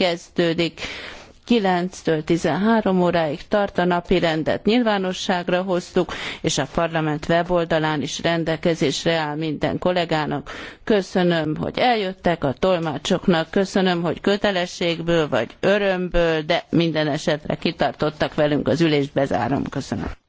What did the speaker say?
kezdődik. 9-től 13 óráig tart a napi rendet. Nyilvánosságra hoztuk, és a parlament weboldalán is rendelkezésre áll minden kollégának. Köszönöm, hogy eljöttek a tolmácsoknak, köszönöm, hogy kötelességből vagy örömből, de minden esetre kitartottak velünk az ülést, bezárom. Köszönöm.